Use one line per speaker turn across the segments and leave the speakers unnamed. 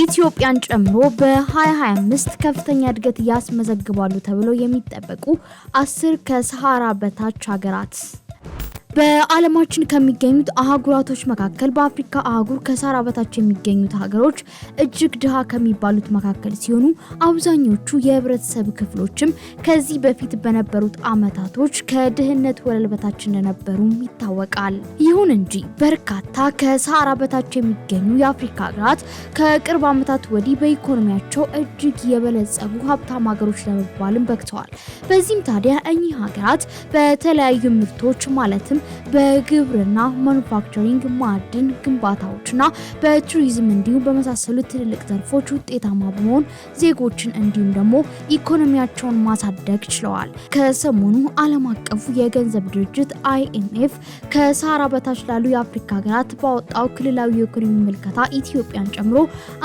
ኢትዮጵያን ጨምሮ በ2025 ከፍተኛ እድገት ያስመዘግባሉ ተብለው የሚጠበቁ አስር ከሰሃራ በታች ሀገራት በዓለማችን ከሚገኙት አህጉራቶች መካከል በአፍሪካ አህጉር ከሳራ በታች የሚገኙት ሀገሮች እጅግ ድሃ ከሚባሉት መካከል ሲሆኑ አብዛኞቹ የህብረተሰብ ክፍሎችም ከዚህ በፊት በነበሩት አመታቶች ከድህነት ወለል በታች እንደነበሩም ይታወቃል። ይሁን እንጂ በርካታ ከሳራ በታች የሚገኙ የአፍሪካ ሀገራት ከቅርብ አመታት ወዲህ በኢኮኖሚያቸው እጅግ የበለጸጉ ሀብታም ሀገሮች ለመባልም በቅተዋል። በዚህም ታዲያ እኚህ ሀገራት በተለያዩ ምርቶች ማለትም በግብርና ማኑፋክቸሪንግ፣ ማዕድን፣ ግንባታዎችና በቱሪዝም እንዲሁም በመሳሰሉት ትልልቅ ዘርፎች ውጤታማ በመሆን ዜጎችን እንዲሁም ደግሞ ኢኮኖሚያቸውን ማሳደግ ችለዋል። ከሰሞኑ ዓለም አቀፉ የገንዘብ ድርጅት አይኤምኤፍ ከሳራ በታች ላሉ የአፍሪካ ሀገራት ባወጣው ክልላዊ የኢኮኖሚ ምልከታ ኢትዮጵያን ጨምሮ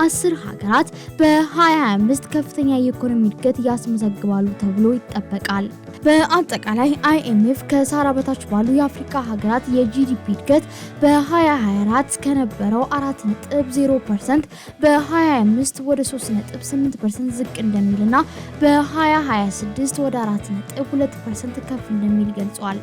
አስር ሀገራት በ2025 ከፍተኛ የኢኮኖሚ እድገት ያስመዘግባሉ ተብሎ ይጠበቃል። በአጠቃላይ አይኤምኤፍ ከሳራ በታች ባሉ የአፍሪካ የአፍሪካ ሀገራት የጂዲፒ እድገት በ2024 ከነበረው 4.0 በ2025 ወደ 3.8 ዝቅ እንደሚልና በ2026 ወደ 4.2 ከፍ እንደሚል ገልጿል።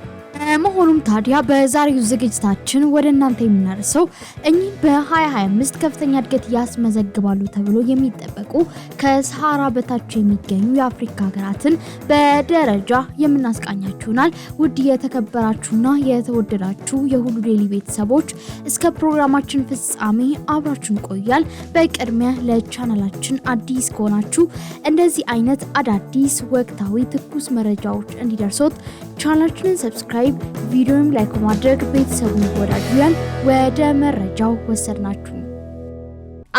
መሆኑም ታዲያ በዛሬው ዝግጅታችን ወደ እናንተ የምናደርሰው እኚህ በ2025 ከፍተኛ እድገት ያስመዘግባሉ ተብሎ የሚጠበቁ ከሰሃራ በታች የሚገኙ የአፍሪካ ሀገራትን በደረጃ የምናስቃኛችሁናል። ውድ የተከበራችሁና የተወደዳችሁ የሁሉ ዴይሊ ቤተሰቦች እስከ ፕሮግራማችን ፍጻሜ አብራችን ቆያል። በቅድሚያ ለቻናላችን አዲስ ከሆናችሁ እንደዚህ አይነት አዳዲስ ወቅታዊ ትኩስ መረጃዎች እንዲደርሶት ቻናችንን ሰብስክራይብ፣ ቪዲዮን ላይክ በማድረግ ቤተሰቡን ይወዳጁ። ወደ መረጃው ወሰድናችሁ።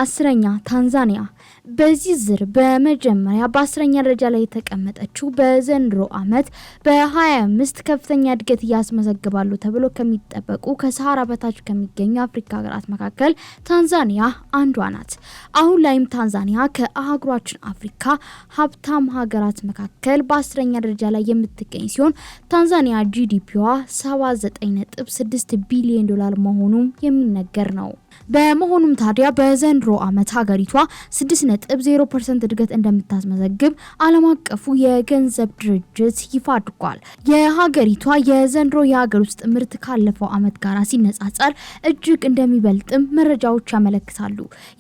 አስረኛ ታንዛኒያ በዚህ ዝር በመጀመሪያ በአስረኛ ደረጃ ላይ የተቀመጠችው በዘንድሮ አመት በ25 ከፍተኛ እድገት እያስመዘግባሉ ተብሎ ከሚጠበቁ ከሰሃራ በታች ከሚገኙ አፍሪካ ሀገራት መካከል ታንዛኒያ አንዷ ናት። አሁን ላይም ታንዛኒያ ከአህጉራችን አፍሪካ ሀብታም ሀገራት መካከል በአስረኛ ደረጃ ላይ የምትገኝ ሲሆን ታንዛኒያ ጂዲፒዋ 79.6 ቢሊዮን ዶላር መሆኑም የሚነገር ነው። በመሆኑም ታዲያ በዘንድሮ ዓመት ሀገሪቷ 6.0 እድገት እንደምታስመዘግብ ዓለም አቀፉ የገንዘብ ድርጅት ይፋ አድርጓል። የሀገሪቷ የዘንድሮ የሀገር ውስጥ ምርት ካለፈው ዓመት ጋር ሲነጻጸር እጅግ እንደሚበልጥም መረጃዎች ያመለክታሉ።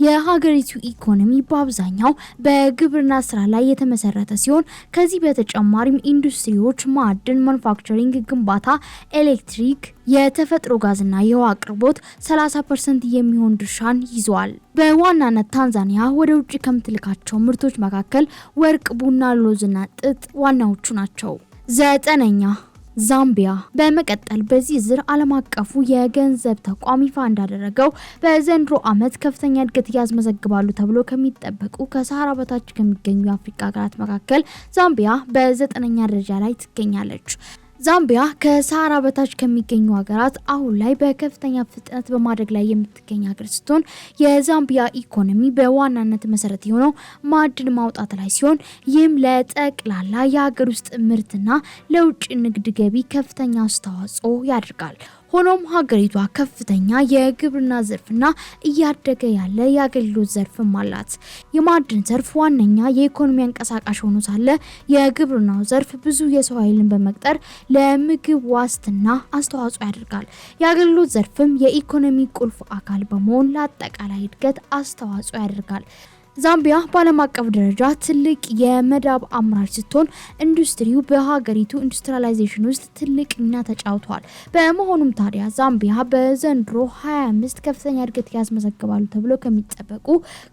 የሀገሪቱ ኢኮኖሚ በአብዛኛው በግብርና ስራ ላይ የተመሰረተ ሲሆን ከዚህ በተጨማሪም ኢንዱስትሪዎች ማዕድን፣ ማኑፋክቸሪንግ፣ ግንባታ፣ ኤሌክትሪክ የተፈጥሮ ጋዝና የውሃ አቅርቦት 30 ፐርሰንት የሚሆን ድርሻን ይዟል። በዋናነት ታንዛኒያ ወደ ውጭ ከምትልካቸው ምርቶች መካከል ወርቅ፣ ቡና፣ ሎዝና ጥጥ ዋናዎቹ ናቸው። ዘጠነኛ ዛምቢያ። በመቀጠል በዚህ ዝር ዓለም አቀፉ የገንዘብ ተቋም ይፋ እንዳደረገው በዘንድሮ ዓመት ከፍተኛ እድገት ያስመዘግባሉ ተብሎ ከሚጠበቁ ከሰሃራ በታች ከሚገኙ የአፍሪካ ሀገራት መካከል ዛምቢያ በዘጠነኛ ደረጃ ላይ ትገኛለች። ዛምቢያ ከሳራ በታች ከሚገኙ ሀገራት አሁን ላይ በከፍተኛ ፍጥነት በማደግ ላይ የምትገኝ ሀገር ስትሆን የዛምቢያ ኢኮኖሚ በዋናነት መሰረት የሆነው ማዕድን ማውጣት ላይ ሲሆን ይህም ለጠቅላላ የሀገር ውስጥ ምርትና ለውጭ ንግድ ገቢ ከፍተኛ አስተዋጽኦ ያደርጋል። ሆኖም ሀገሪቷ ከፍተኛ የግብርና ዘርፍና እያደገ ያለ የአገልግሎት ዘርፍም አላት። የማዕድን ዘርፍ ዋነኛ የኢኮኖሚ አንቀሳቃሽ ሆኖ ሳለ የግብርናው ዘርፍ ብዙ የሰው ኃይልን በመቅጠር ለምግብ ዋስትና አስተዋጽኦ ያደርጋል። የአገልግሎት ዘርፍም የኢኮኖሚ ቁልፍ አካል በመሆን ለአጠቃላይ እድገት አስተዋጽኦ ያደርጋል። ዛምቢያ በዓለም አቀፍ ደረጃ ትልቅ የመዳብ አምራች ስትሆን ኢንዱስትሪው በሀገሪቱ ኢንዱስትሪላይዜሽን ውስጥ ትልቅ ሚና ተጫውቷል። በመሆኑም ታዲያ ዛምቢያ በዘንድሮ 25 ከፍተኛ እድገት ያስመዘግባሉ ተብሎ ከሚጠበቁ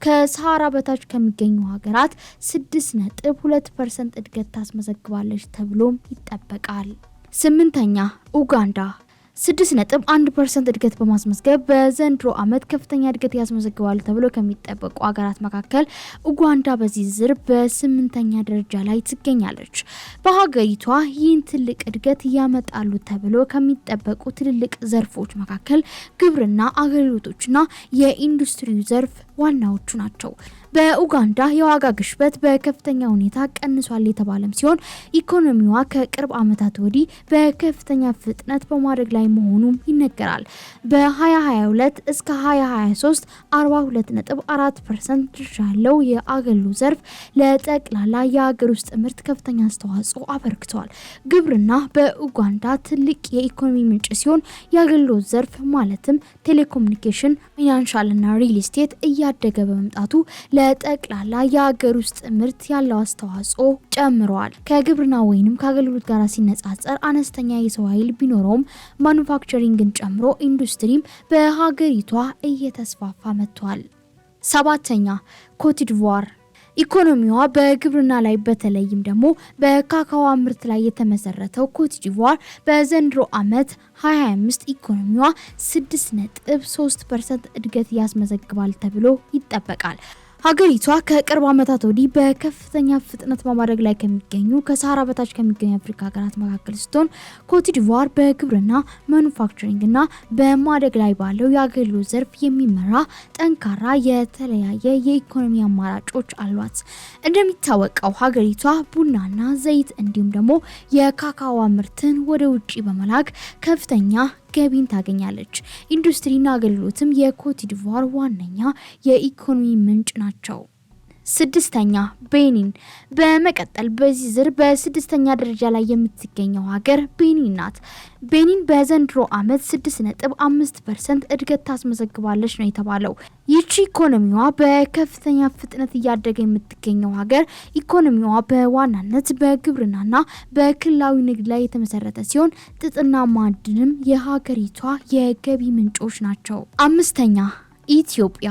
ከሰሃራ በታች ከሚገኙ ሀገራት 62% ነጥብ ፐርሰንት እድገት ታስመዘግባለች ተብሎም ይጠበቃል። ስምንተኛ ኡጋንዳ ስድስት ነጥብ አንድ ፐርሰንት እድገት በማስመዝገብ በዘንድሮ ዓመት ከፍተኛ እድገት ያስመዘግባሉ ተብሎ ከሚጠበቁ ሀገራት መካከል ኡጋንዳ በዚህ ዝር በስምንተኛ ደረጃ ላይ ትገኛለች። በሀገሪቷ ይህን ትልቅ እድገት ያመጣሉ ተብሎ ከሚጠበቁ ትልልቅ ዘርፎች መካከል ግብርና፣ አገልግሎቶችና የኢንዱስትሪው ዘርፍ ዋናዎቹ ናቸው። በኡጋንዳ የዋጋ ግሽበት በከፍተኛ ሁኔታ ቀንሷል የተባለም ሲሆን ኢኮኖሚዋ ከቅርብ ዓመታት ወዲህ በከፍተኛ ፍጥነት በማድረግ ላይ መሆኑም ይነገራል። በ2022 እስከ 2023 42.4 ፐርሰንት ድርሻ ያለው የአገሉ ዘርፍ ለጠቅላላ የሀገር ውስጥ ምርት ከፍተኛ አስተዋጽኦ አበርክተዋል። ግብርና በኡጋንዳ ትልቅ የኢኮኖሚ ምንጭ ሲሆን የአገልግሎት ዘርፍ ማለትም ቴሌኮሙኒኬሽን፣ ፋይናንሻልና ሪል ስቴት እያደገ በመምጣቱ ለጠቅላላ የሀገር ውስጥ ምርት ያለው አስተዋጽኦ ጨምረዋል። ከግብርና ወይንም ከአገልግሎት ጋር ሲነጻጸር አነስተኛ የሰው ኃይል ቢኖረውም ማኑፋክቸሪንግን ጨምሮ ኢንዱስትሪም በሀገሪቷ እየተስፋፋ መጥቷል። ሰባተኛ ኮትዲቯር ኢኮኖሚዋ በግብርና ላይ በተለይም ደግሞ በካካዋ ምርት ላይ የተመሰረተው ኮትዲቯር በዘንድሮ ዓመት 2025 ኢኮኖሚዋ 6.3 ፐርሰንት እድገት ያስመዘግባል ተብሎ ይጠበቃል። ሀገሪቷ ከቅርብ ዓመታት ወዲህ በከፍተኛ ፍጥነት በማድረግ ላይ ከሚገኙ ከሳህራ በታች ከሚገኙ የአፍሪካ ሀገራት መካከል ስትሆን ኮትዲቫር በግብርና ማኑፋክቸሪንግ እና በማደግ ላይ ባለው የአገልግሎት ዘርፍ የሚመራ ጠንካራ የተለያየ የኢኮኖሚ አማራጮች አሏት። እንደሚታወቀው ሀገሪቷ ቡናና ዘይት እንዲሁም ደግሞ የካካዋ ምርትን ወደ ውጭ በመላክ ከፍተኛ ገቢን ታገኛለች። ኢንዱስትሪና አገልግሎትም የኮትዲቯር ዋነኛ የኢኮኖሚ ምንጭ ናቸው። ስድስተኛ ቤኒን። በመቀጠል በዚህ ዝር በስድስተኛ ደረጃ ላይ የምትገኘው ሀገር ቤኒን ናት። ቤኒን በዘንድሮ አመት ስድስት ነጥብ አምስት ፐርሰንት እድገት ታስመዘግባለች ነው የተባለው። ይቺ ኢኮኖሚዋ በከፍተኛ ፍጥነት እያደገ የምትገኘው ሀገር ኢኮኖሚዋ በዋናነት በግብርናና በክልላዊ ንግድ ላይ የተመሰረተ ሲሆን ጥጥና ማዕድንም የሀገሪቷ የገቢ ምንጮች ናቸው። አምስተኛ ኢትዮጵያ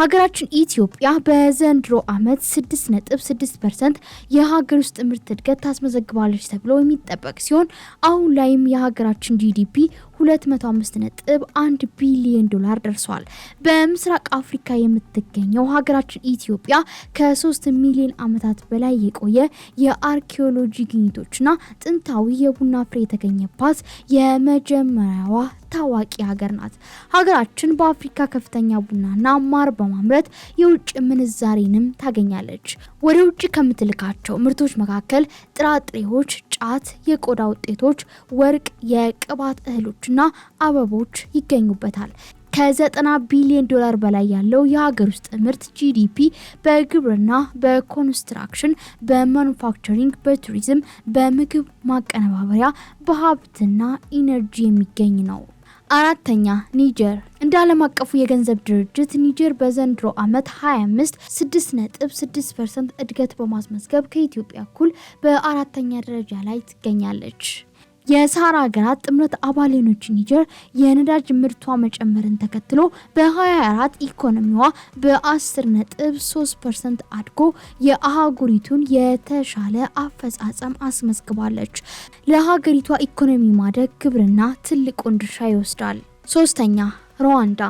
ሀገራችን ኢትዮጵያ በዘንድሮ ዓመት 6.6 ፐርሰንት የሀገር ውስጥ ምርት እድገት ታስመዘግባለች ተብሎ የሚጠበቅ ሲሆን አሁን ላይም የሀገራችን ጂዲፒ 205.1 ቢሊዮን ዶላር ደርሷል። በምስራቅ አፍሪካ የምትገኘው ሀገራችን ኢትዮጵያ ከ3 ሚሊዮን ዓመታት በላይ የቆየ የአርኪኦሎጂ ግኝቶችና ጥንታዊ የቡና ፍሬ የተገኘባት የመጀመሪያዋ ታዋቂ ሀገር ናት። ሀገራችን በአፍሪካ ከፍተኛ ቡናና ማር በማምረት የውጭ ምንዛሬንም ታገኛለች። ወደ ውጭ ከምትልካቸው ምርቶች መካከል ጥራጥሬዎች፣ ጫት፣ የቆዳ ውጤቶች፣ ወርቅ፣ የቅባት እህሎች ዛፎችና አበቦች ይገኙበታል። ከዘጠና ቢሊዮን ዶላር በላይ ያለው የሀገር ውስጥ ምርት ጂዲፒ በግብርና፣ በኮንስትራክሽን፣ በማኑፋክቸሪንግ፣ በቱሪዝም፣ በምግብ ማቀነባበሪያ፣ በሀብትና ኢነርጂ የሚገኝ ነው። አራተኛ ኒጀር እንደ ዓለም አቀፉ የገንዘብ ድርጅት ኒጀር በዘንድሮ ዓመት 25 6.6 ፐርሰንት እድገት በማስመዝገብ ከኢትዮጵያ እኩል በአራተኛ ደረጃ ላይ ትገኛለች። የሳህራ ሀገራት ጥምረት አባሌኖች ኒጀር የነዳጅ ምርቷ መጨመርን ተከትሎ በ24 ኢኮኖሚዋ በ10 ነጥብ 3 ፐርሰንት አድጎ የአህጉሪቱን የተሻለ አፈጻጸም አስመዝግባለች። ለሀገሪቷ ኢኮኖሚ ማደግ ግብርና ትልቁን ድርሻ ይወስዳል። ሶስተኛ ሩዋንዳ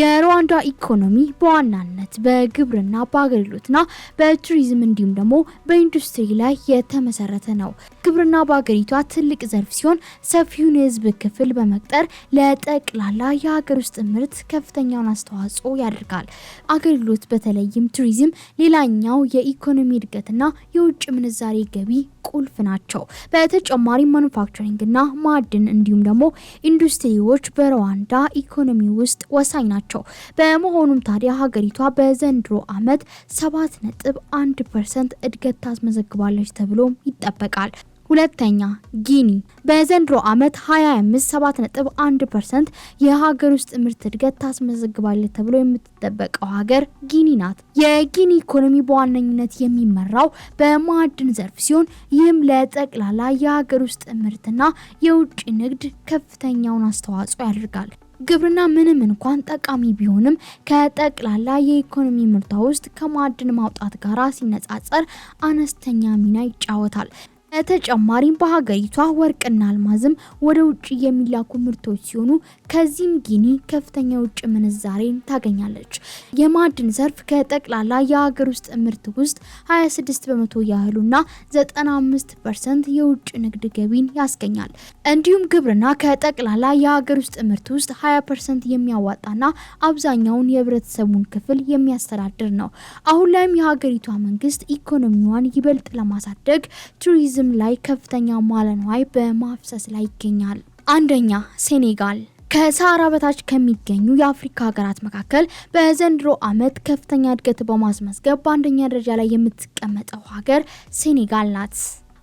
የሩዋንዳ ኢኮኖሚ በዋናነት በግብርና በአገልግሎትና በቱሪዝም እንዲሁም ደግሞ በኢንዱስትሪ ላይ የተመሰረተ ነው። ግብርና በሀገሪቷ ትልቅ ዘርፍ ሲሆን ሰፊውን የህዝብ ክፍል በመቅጠር ለጠቅላላ የሀገር ውስጥ ምርት ከፍተኛውን አስተዋጽኦ ያደርጋል። አገልግሎት በተለይም ቱሪዝም ሌላኛው የኢኮኖሚ እድገትና የውጭ ምንዛሬ ገቢ ቁልፍ ናቸው። በተጨማሪም ማኑፋክቸሪንግና ማዕድን እንዲሁም ደግሞ ኢንዱስትሪዎች በሩዋንዳ ኢኮኖሚ ውስጥ ወሳኝ ናቸው። ናቸው። በመሆኑም ታዲያ ሀገሪቷ በዘንድሮ ዓመት 7.1 ፐርሰንት እድገት ታስመዘግባለች ተብሎም ይጠበቃል። ሁለተኛ ጊኒ በዘንድሮ ዓመት 25.71 ፐርሰንት የሀገር ውስጥ ምርት እድገት ታስመዘግባለች ተብሎ የምትጠበቀው ሀገር ጊኒ ናት። የጊኒ ኢኮኖሚ በዋነኝነት የሚመራው በማዕድን ዘርፍ ሲሆን ይህም ለጠቅላላ የሀገር ውስጥ ምርትና የውጭ ንግድ ከፍተኛውን አስተዋጽኦ ያደርጋል። ግብርና ምንም እንኳን ጠቃሚ ቢሆንም ከጠቅላላ የኢኮኖሚ ምርቷ ውስጥ ከማዕድን ማውጣት ጋር ሲነጻጸር አነስተኛ ሚና ይጫወታል። በተጨማሪም በሀገሪቷ ወርቅና አልማዝም ወደ ውጭ የሚላኩ ምርቶች ሲሆኑ ከዚህም ጊኒ ከፍተኛ የውጭ ምንዛሬን ታገኛለች። የማዕድን ዘርፍ ከጠቅላላ የሀገር ውስጥ ምርት ውስጥ 26 በመቶ ያህሉና 95 ፐርሰንት የውጭ ንግድ ገቢን ያስገኛል። እንዲሁም ግብርና ከጠቅላላ የሀገር ውስጥ ምርት ውስጥ 20 ፐርሰንት የሚያዋጣና አብዛኛውን የህብረተሰቡን ክፍል የሚያስተዳድር ነው። አሁን ላይም የሀገሪቷ መንግስት ኢኮኖሚዋን ይበልጥ ለማሳደግ ቱሪዝም ቱሪዝም ላይ ከፍተኛ መዋለ ንዋይ በማፍሰስ ላይ ይገኛል። አንደኛ ሴኔጋል ከሰሃራ በታች ከሚገኙ የአፍሪካ ሀገራት መካከል በዘንድሮ ዓመት ከፍተኛ እድገት በማስመዝገብ በአንደኛ ደረጃ ላይ የምትቀመጠው ሀገር ሴኔጋል ናት።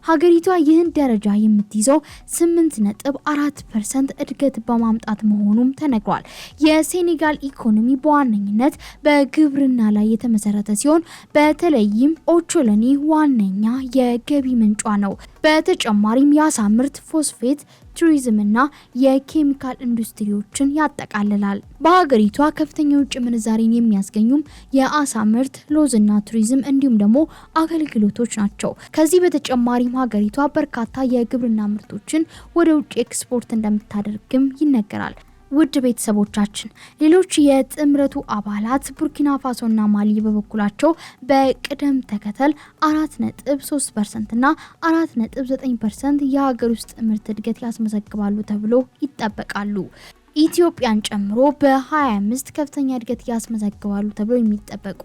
ሀገሪቷ ይህን ደረጃ የምትይዘው 8.4 ፐርሰንት እድገት በማምጣት መሆኑም ተነግሯል። የሴኔጋል ኢኮኖሚ በዋነኝነት በግብርና ላይ የተመሰረተ ሲሆን በተለይም ኦቾሎኒ ዋነኛ የገቢ ምንጯ ነው። በተጨማሪም የአሳ ምርት፣ ፎስፌት፣ ቱሪዝምና የኬሚካል ኢንዱስትሪዎችን ያጠቃልላል። በሀገሪቷ ከፍተኛ የውጭ ምንዛሬን የሚያስገኙም የአሳ ምርት፣ ሎዝና ቱሪዝም እንዲሁም ደግሞ አገልግሎቶች ናቸው። ከዚህ በተጨማሪም ሀገሪቷ በርካታ የግብርና ምርቶችን ወደ ውጭ ኤክስፖርት እንደምታደርግም ይነገራል። ውድ ቤተሰቦቻችን ሌሎች የጥምረቱ አባላት ቡርኪና ፋሶና ማሊ በበኩላቸው በቅደም ተከተል አራት ነጥብ ሶስት ና አራት ነጥብ ዘጠኝ ፐርሰንት የሀገር ውስጥ ምርት እድገት ያስመዘግባሉ ተብሎ ይጠበቃሉ። ኢትዮጵያን ጨምሮ በ25 ከፍተኛ እድገት ያስመዘግባሉ ተብሎ የሚጠበቁ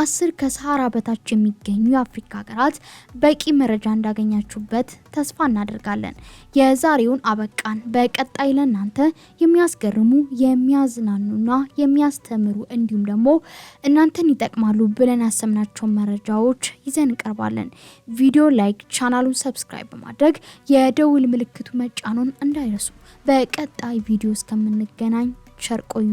አስር ከሰሃራ በታች የሚገኙ የአፍሪካ ሀገራት በቂ መረጃ እንዳገኛችሁበት ተስፋ እናደርጋለን። የዛሬውን አበቃን። በቀጣይ ለእናንተ የሚያስገርሙ የሚያዝናኑና የሚያስተምሩ እንዲሁም ደግሞ እናንተን ይጠቅማሉ ብለን ያሰምናቸውን መረጃዎች ይዘን እንቀርባለን። ቪዲዮ ላይክ፣ ቻናሉን ሰብስክራይብ በማድረግ የደውል ምልክቱ መጫኖን እንዳይረሱ። በቀጣይ ቪዲዮ እስከምን እስከምንገናኝ ቸር ቆዩ።